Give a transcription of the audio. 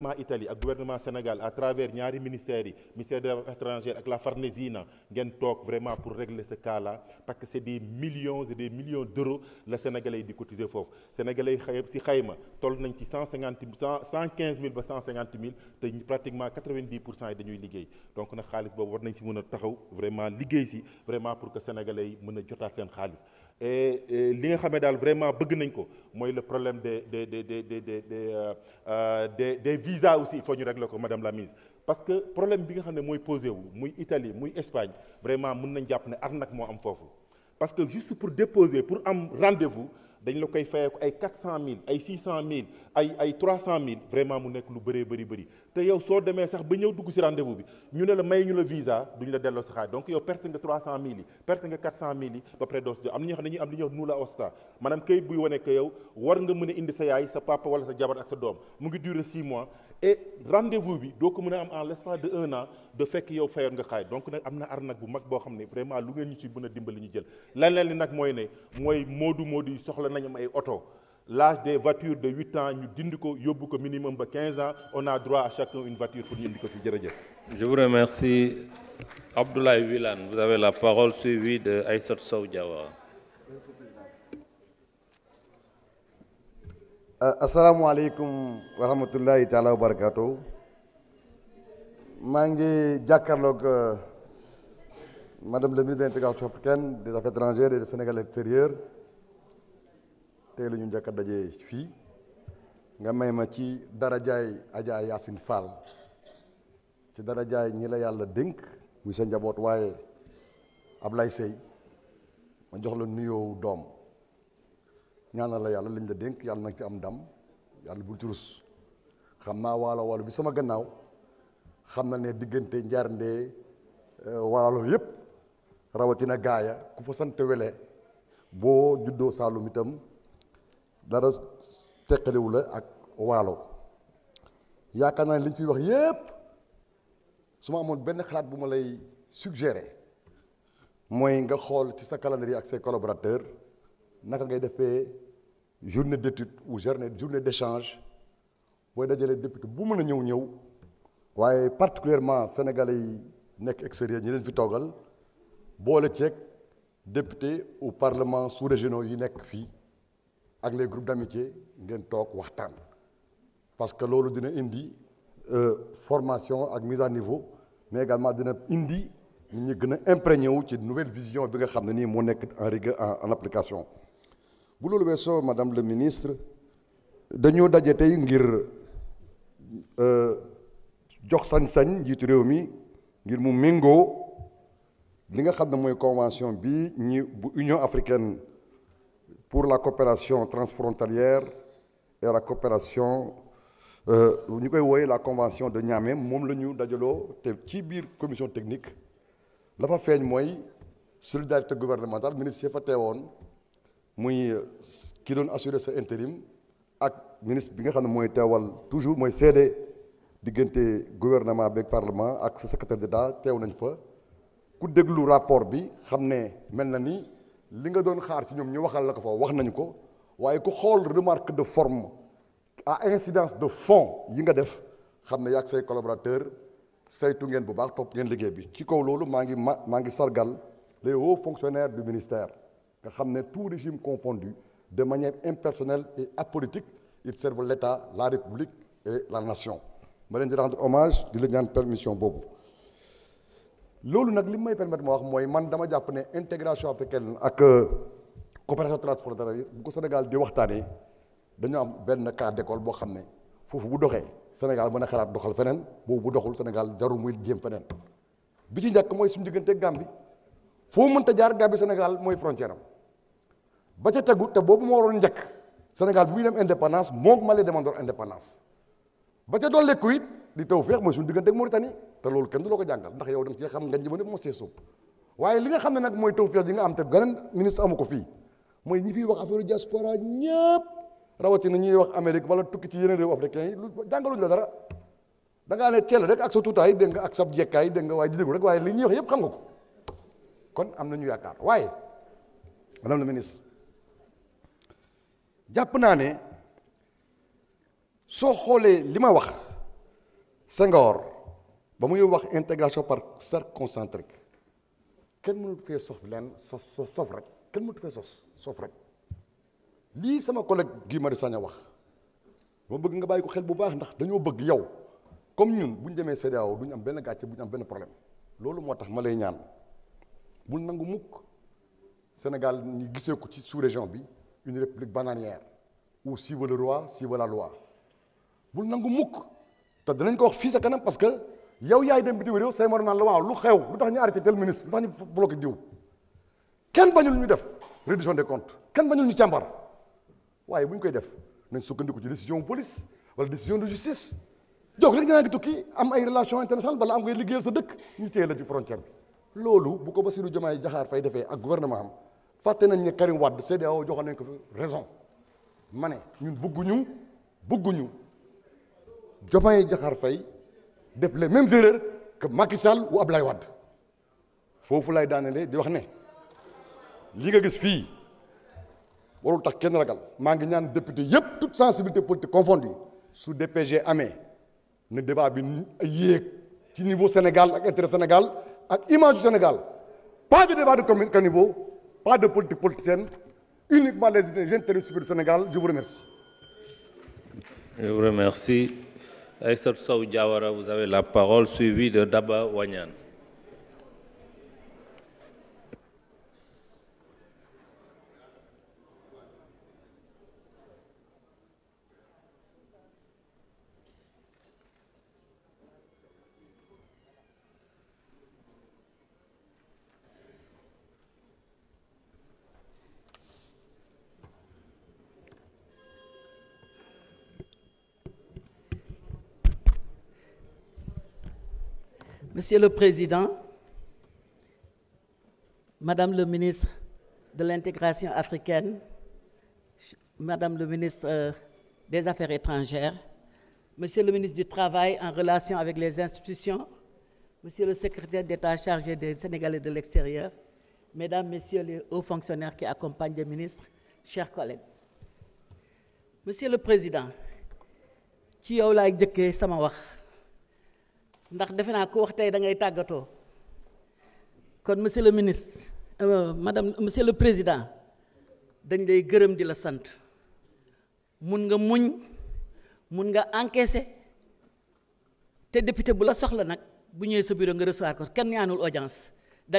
gouvernement Italie ak gouvernement Sénégal à travers ñaari ministères yi ministère des affaires étrangères ak la Farnesina ngeen toog vraiment pour régler ce cas là parce que c' est des millions et des millions d' euros la sénégalais yi di cotiser foofu sénégalais si xayma toll nañ ci cent cinquante mille cent quinze mille ba cent cinquante mille te pratiquement quatre vingt dix pour cent yi dañuy liggéey donc nag xaalis boobu war nañ si mën a taxaw vraiment liggéey si vraiment pour que sénégalais yi mën a jotaat seen xaalis. li nga xamee daal vraiment bëgg nañ ko mooy le problème de des des des de des euh, euh, des des visas aussi il faut ñu régler ko madame la ministre parce que problème bi nga xam ne mooy posé wu muy Italie muy Espagne vraiment mën nañ jàpp ne nag moo am foofu parce que juste pour déposer pour am rendez-vous dañu la koy fayee ko ay quatre cent mille ay six vraiment mu nekk lu bëree bëri bëri te yow soo demee sax ba ñëw dugg si rendez-vous bi ñu ne la may ñu la visa duñ la delloo sa xaalis donc yow nga am na ñoo xam ne mën a indi sa yaay sa papa wala sa jabar ak sa doom mu ngi durer six mois et rendez bi doo ko mën a am en l'espace de un an de fekk yow fayoon nga xaalis donc nag am na arnaque bu mag boo xam ne vraiment lu ngeen ñu ci mën a dimbali ñu jël leneen li nag mooy ne mooy soxla nañu ay oto l'âge des voitures de huit ñu dindi ko yóbbu ko minimum ba quinze ans on a ko fi jërëjëf. je vous remercie Abdoulaye Wilane avez la parole suivie de ay Sow Diawara. Euh, asalaamaaleykum wa rahmatullahi taala wa barakaatu maa ngi jàkkaarloog euh, madame la ministre de africaine des affaires et du Sénégal extérieur tey lañu ñu njëkk daje fii nga may ma ci dara jaay Adja Yacine Fall ci dara darajaay ñi la yàlla dénk muy sa njaboot waaye Ablaye Seye ma jox la nuyoo doom ñaanal la yàlla lañ la dénk yàlla nag ci am ndam yàlla bul ci rus xam naa waalo waalo bi sama gannaaw xam na ne diggante njaarnde euh, waalo yépp rawatina gaaya ku fa sant wele boo juddoo Saalum itam dara teqaliwu la ak waalo yaakaar naa ne li ñu wax yépp su ma amoon benn xalaat bu ma lay suggérer mooy nga xool ci sa calendrier ak ses collaborateurs naka ngay defee journée d'étude ou journée journée d'échange booy dajalee député bu mën a ñëw ñëw waaye particulièrement sénégalais yi nekk extérieur ñi leen fi toogal boole ceeg député ou parlement sous-régionaux yi nekk fii ak les groupes d'amitié ngeen toog waxtaan parce que loolu dina indi euh, formation ak mise à niveau mais également dina indi nit ñi gën a wu ci nouvelle vision bi nga xam ne nii moo nekk en rigueur en application bu loolu weesoo madame le ministre dañoo daje tey ngir euh, jox sañ-sañ njiitu réew mi ngir mu méngoo li nga xam ne mooy convention bi ñi bu Union africaine pour la coopération transfrontalière et la coopération euh, ñu koy wooyee la convention de Niamey moom la ñu dajaloo te ci biir commission technique la feeñ mooy solidarité gouvernementale ministre yi fa teewoon muy euh, kii doon assurer sa intérim ak ministre bi nga xam ne mooy teewal toujours mooy seede diggante gouvernement beeg parlement ak sa secrétaire d'État teew nañ fa ku déglu rapport bi xam ne mel na ni. li nga doon xaar ci ñoom ñu waxal la ko fa wax nañu ko waaye ku xool remarque de forme à incidence de fonds yi nga def xam ne yaa ak say collaborateur saytu ngeen bu baax topp ngeen liggéey bi ci kaw loolu maa ngi ma maa ngi sargal les hauts fonctionnaires du ministère nga xam ne tout régime confondu de manière impersonnelle et apolitique ils servent l'État la République et la nation ma leen di rendre hommage di la ñaan permission boobu loolu nag li may permettre ma wax mooy man dama jàpp ne intégration africaine ak euh, coopération transfrontalière yi bu ko Sénégal di waxtaanee dañoo am benn cas d'école boo xam ne foofu bu doxee Sénégal mën a xalaat doxal feneen boobu bu doxul Sénégal jarul muy jéem feneen bi ci njëkk mooy suñu diggante Gambie foo mën mënta jaar Gambie Sénégal mooy frontière am ba ca tegu te boobu moo waroon njëkk Sénégal bu muy dem indépendance moom Mali demandoor indépendance ba di li tawfeex mooy suñu diggante moo Mauritanie te loolu kenn du la ko jàngal ndax yow da nga cee xam nga ji ba ne mos waaye li nga xam ne nag mooy tawfeex yi nga am te beneen ministre amu ko fii mooy ñi fiy wax affaire diaspora ñëpp rawatina ñuy wax Amérique wala tukki ci yeneen réew africain yi lu jàngaluñu la dara da ngaa ne teel rek ak sa tuutaay dégg nga ak sa jekkaay dégg nga waaye di déglu rek waaye li ñuy wax yëpp xam nga ko kon am nañu yaakaar waaye la ministre jàpp naa ne soo xoolee li ma wax Senghor ba muy wax intégration par cercle concentrique kenn mënut fee sof leen sof sof rek kenn mënut fee sos sof rek lii sama collègue Guy Marius Sagna wax ma bëgg nga bàyyi ko xel bu baax ndax dañoo bëgg yow comme ñun bu ñu demee CEDEAO du ñu am benn gàcce bu ñu am benn problème loolu moo tax ma lay ñaan bul nangu mukk Sénégal ñu gisee ko ci sous-région bi une république bananière où suivre le roi suivre la loi bul nangu mukk te dinañ ko wax fii sa kanam parce que yow yaay dem bitim réew say mor naan la waaw lu xew lu tax ñu arrêté tel ministre lu tax ñu bloqué diw kenn bañul ñu def réduction des comptes kenn bañul ñu càmbar waaye bu ñu koy def nañ sukkandiku ci décision police wala décision de justice jóg rek dinaa ngi tukki am ay relation internationale bala am ngay liggéeyal sa dëkk ñu téye la ci bi loolu bu ko Bassirou Diomaye jaxaar fay defee ak gouvernement am fàtte nañ ne Karim Wade CEDEAO joxoon nañ ko raison ma ne ñun bëgguñu bëgguñu Diomaye Diakhar Faye def les mêmes erreurs que Macky Sall ou lay Wade foofu lay daanelee di wax ne lii nga gis fii warul tax kenn ragal maa ngi ñaan député yëpp toute sensibilité politique confondue su DPG amee ne débat bi yéeg ci niveau Sénégal ak intérêt Sénégal ak image du Sénégal pas de débat de commune caniveau pas de politique politicienne uniquement les intérêts supérieurs du Sénégal je remercie. ay sot Sow Diawara, vous avez la parole, suivi de Daba Wanyan. Monsieur le Président, Madame le ministre de l'intégration africaine, Madame le ministre euh, des Affaires étrangères, Monsieur le ministre du Travail en relation avec les institutions, Monsieur le secrétaire d'État chargé des Sénégalais de l'extérieur, Mesdames, Messieurs les hauts fonctionnaires qui accompagnent les ministres, chers collègues. Monsieur le Président, ci yow laay jëkkee sama wax. ndax defe naa ku wax tey da tàggatoo kon monsieur le ministre euh, madame monsieur le président dañ lay gërëm di la sant mun nga muñ mun nga encaisser te député bu la soxla nag bu ñëwee sa bureau nga recevoir ko kenn ñaanul audience da